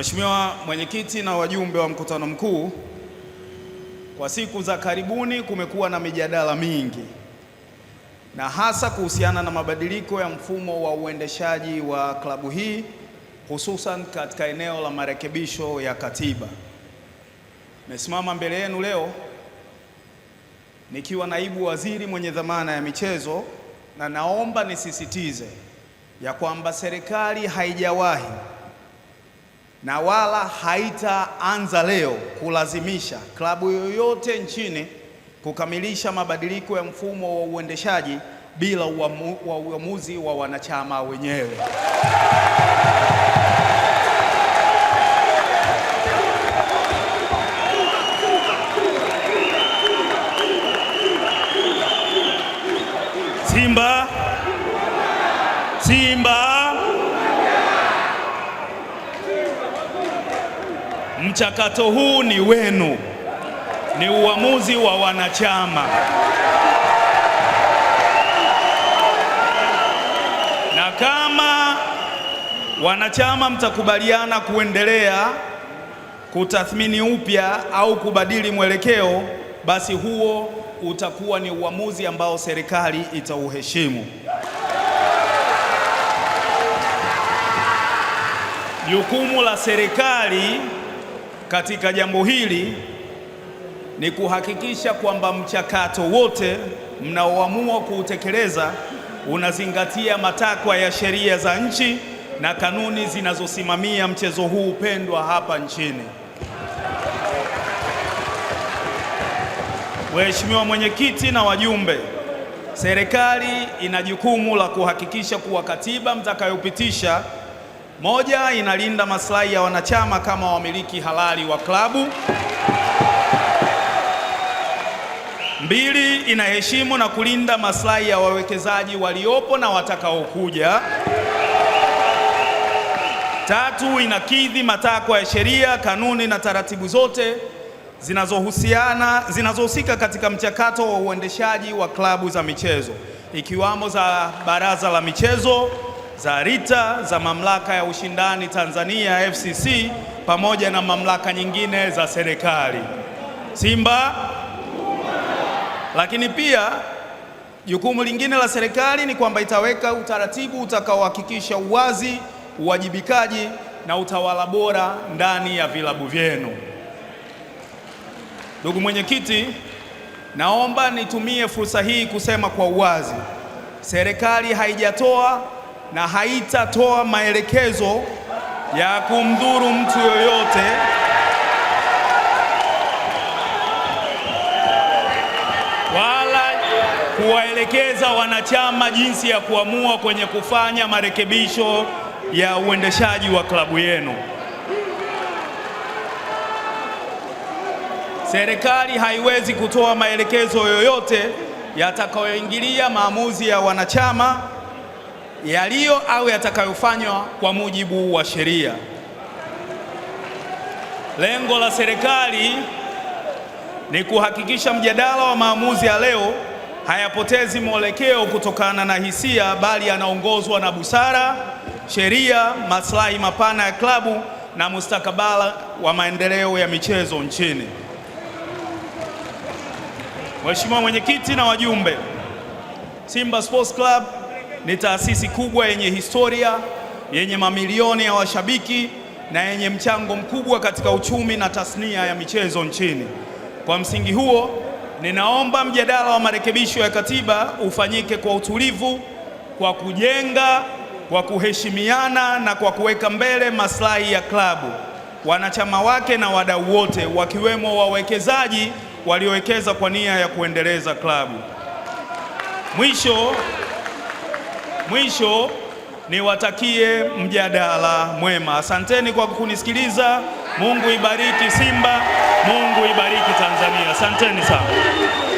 Mheshimiwa Mwenyekiti na wajumbe wa mkutano mkuu, kwa siku za karibuni kumekuwa na mijadala mingi na hasa kuhusiana na mabadiliko ya mfumo wa uendeshaji wa klabu hii hususan katika eneo la marekebisho ya katiba. Nimesimama mbele yenu leo nikiwa naibu waziri mwenye dhamana ya michezo, na naomba nisisitize ya kwamba serikali haijawahi na wala haitaanza leo kulazimisha klabu yoyote nchini kukamilisha mabadiliko ya mfumo wa uendeshaji bila uamuzi wa wanachama wenyewe. Simba Simba Mchakato huu ni wenu, ni uamuzi wa wanachama, na kama wanachama mtakubaliana kuendelea kutathmini upya au kubadili mwelekeo, basi huo utakuwa ni uamuzi ambao serikali itauheshimu. Jukumu la serikali katika jambo hili ni kuhakikisha kwamba mchakato wote mnaoamua kuutekeleza unazingatia matakwa ya sheria za nchi na kanuni zinazosimamia mchezo huu pendwa hapa nchini. Mheshimiwa Mwenyekiti na wajumbe, serikali ina jukumu la kuhakikisha kuwa katiba mtakayopitisha moja, inalinda maslahi ya wanachama kama wamiliki halali wa klabu. Mbili, inaheshimu na kulinda maslahi ya wawekezaji waliopo na watakaokuja. Tatu, inakidhi matakwa ya sheria, kanuni na taratibu zote zinazohusiana zinazohusika katika mchakato wa uendeshaji wa klabu za michezo ikiwamo za baraza la michezo za RITA za mamlaka ya ushindani Tanzania FCC pamoja na mamlaka nyingine za serikali. Simba! Lakini pia jukumu lingine la serikali ni kwamba itaweka utaratibu utakaohakikisha uwazi, uwajibikaji na utawala bora ndani ya vilabu vyenu. Ndugu mwenyekiti, naomba nitumie fursa hii kusema kwa uwazi, serikali haijatoa na haitatoa maelekezo ya kumdhuru mtu yoyote wala kuwaelekeza wanachama jinsi ya kuamua kwenye kufanya marekebisho ya uendeshaji wa klabu yenu. Serikali haiwezi kutoa maelekezo yoyote yatakayoingilia maamuzi ya wanachama yaliyo au yatakayofanywa kwa mujibu wa sheria. Lengo la serikali ni kuhakikisha mjadala wa maamuzi ya leo hayapotezi mwelekeo kutokana na hisia, bali yanaongozwa na busara, sheria, maslahi mapana ya klabu na mustakabala wa maendeleo ya michezo nchini. Mheshimiwa Mwenyekiti na wajumbe, Simba Sports Club ni taasisi kubwa yenye historia, yenye mamilioni ya washabiki na yenye mchango mkubwa katika uchumi na tasnia ya michezo nchini. Kwa msingi huo, ninaomba mjadala wa marekebisho ya katiba ufanyike kwa utulivu, kwa kujenga, kwa kuheshimiana na kwa kuweka mbele maslahi ya klabu, wanachama wake na wadau wote, wakiwemo wawekezaji waliowekeza kwa nia ya kuendeleza klabu. Mwisho Mwisho niwatakie mjadala mwema. Asanteni kwa kunisikiliza. Mungu ibariki Simba, Mungu ibariki Tanzania. Asanteni sana.